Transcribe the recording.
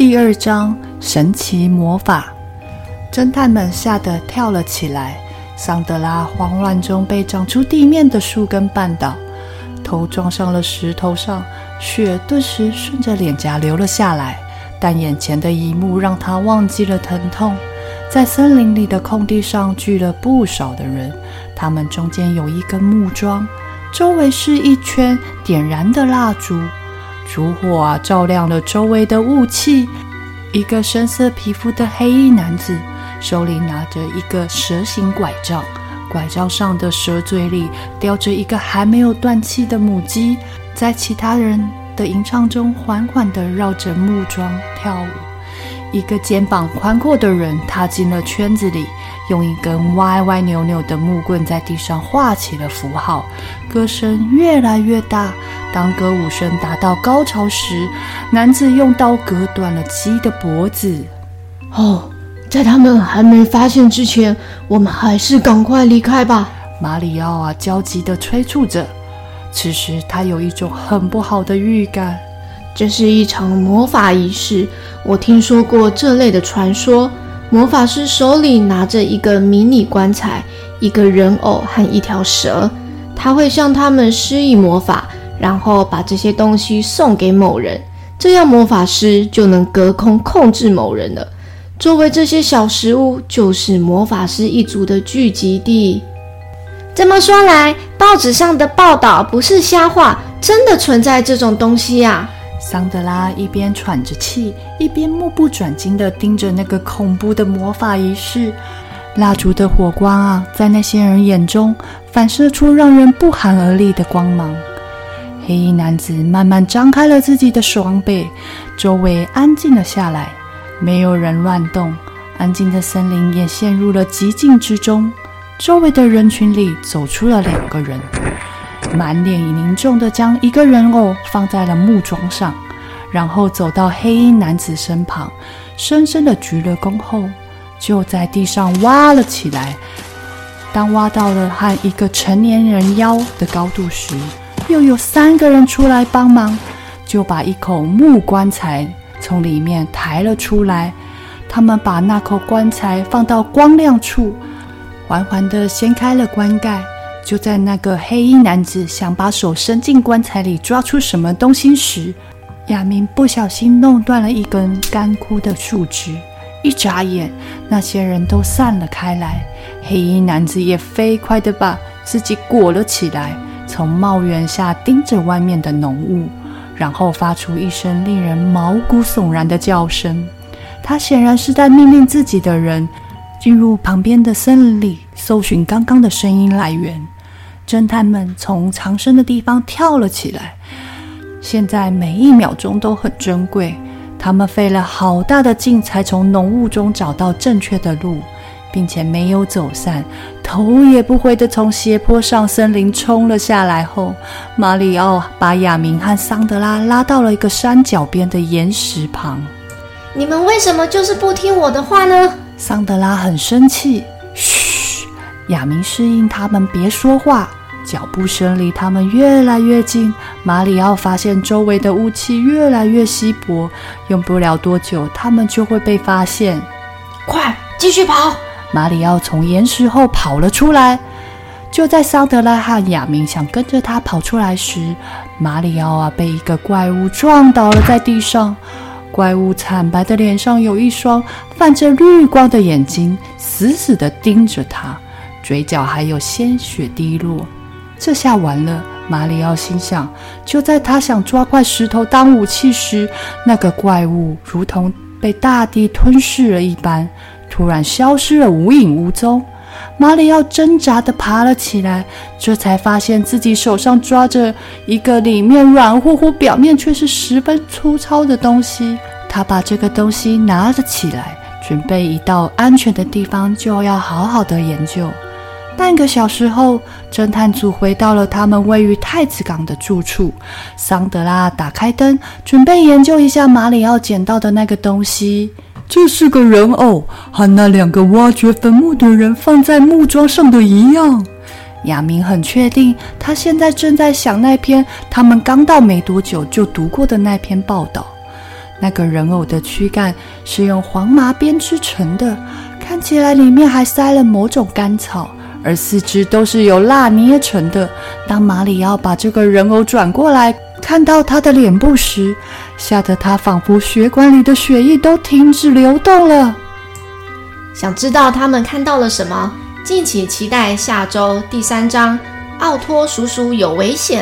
第二章神奇魔法，偵探們嚇得跳了起來。桑德拉慌亂中被長出地面的樹根絆倒，頭撞上了石頭上，血頓時順着臉頰流了下來。但眼前的一幕讓他忘記了疼痛。在森林裡的空地上聚了不少的人，他們中間有一根木樁，周圍是一圈點燃的蠟燭。燭火啊，照亮了周圍的霧氣。一個深色皮膚的黑衣男子，手裡拿着一個蛇形拐杖，拐杖上的蛇嘴裡叼着一個還沒有斷氣的母雞，在其他人的吟唱中，緩緩地繞着木樁跳舞。一個肩膀寬闊的人踏進了圈子裡，用一根歪歪扭扭的木棍在地上畫起了符號。歌聲越來越大，當歌舞聲達到高潮時，男子用刀割斷了雞的脖子。哦，oh, 在他們還沒發現之前，我們還是趕快離開吧！馬里奧啊，焦急地催促着。此時，他有一種很不好的預感。這是一場魔法儀式。我聽說過這類的傳說。魔法師手裡拿着一個迷你棺材，一個人偶和一條蛇，他會向他們施以魔法，然後把這些東西送給某人，這樣魔法師就能隔空控制某人了。作為這些小食物，就是魔法師一族的聚集地。這麼說來，報紙上的報道不是瞎話，真的存在這種東西呀，啊！桑德拉一邊喘着氣，一邊目不轉睛地盯着那個恐怖的魔法儀式。蠟燭的火光啊，在那些人眼中反射出讓人不寒而栗的光芒。黑衣男子慢慢張開了自己的雙臂，周圍安靜了下來，沒有人亂動，安靜的森林也陷入了寂靜之中。周圍的人群裡走出了兩個人。滿臉凝重地將一個人偶放在了木樁上，然後走到黑衣男子身旁，深深地鞠了躬後，就在地上挖了起來。當挖到了和一個成年人腰的高度時，又有三個人出來幫忙，就把一口木棺材從裡面抬了出來。他們把那口棺材放到光亮處，緩緩地掀開了棺蓋。就在那個黑衣男子想把手伸進棺材裡抓出什麼東西時，亞明不小心弄斷了一根乾枯的樹枝。一眨眼，那些人都散了開來，黑衣男子也飛快地把自己裹了起來，從帽檐下盯着外面的濃霧，然後發出一聲令人毛骨悚然的叫聲。他顯然是在命令自己的人。進入旁邊的森林裡，搜尋剛剛的聲音來源。偵探們從藏身的地方跳了起來。現在每一秒鐘都很珍貴。他們費了好大的勁，才從濃霧中找到正確的路，並且沒有走散，頭也不回地從斜坡上森林衝了下來後，馬里奧把亞明和桑德拉拉到了一個山腳邊的岩石旁。你們為什麼就是不聽我的話呢？桑德拉很生氣，噓！亞明示意他們別說話。腳步聲離他們越來越近。馬里奧發現周圍的霧氣越來越稀薄，用不了多久，他們就會被發現。快，繼續跑！馬里奧從岩石後跑了出來。就在桑德拉和亞明想跟着他跑出來時，馬里奧啊，被一個怪物撞倒了在地上。怪物慘白的臉上有一雙泛着綠光的眼睛，死死的盯着他，嘴角還有鮮血滴落。這下完了，馬里奧心想。就在他想抓塊石頭當武器時，那個怪物如同被大地吞噬了一般，突然消失了無影無蹤。馬里奧掙扎地爬了起來，這才發現自己手上抓着一個裡面軟乎乎、表面卻是十分粗糙的東西。他把這個東西拿了起來，準備移到安全的地方就要好好的研究。半個小時後，偵探組回到了他們位於太子港的住處。桑德拉打開燈，準備研究一下馬里奧撿到的那個東西。這是個人偶，和那兩個挖掘墳墓的人放在木樁上的一樣。亞明很確定，他現在正在想那篇他們剛到沒多久就讀過的那篇報道。那個人偶的軀幹是用黃麻編織成的，看起來裡面還塞了某種乾草，而四肢都是由蠟捏成的。當馬里奧把這個人偶轉過來。看到他的臉部時，嚇得他仿佛血管裡的血液都停止流動了。想知道他們看到了什麼？敬請期待下周第三章《奧托叔叔有危險》。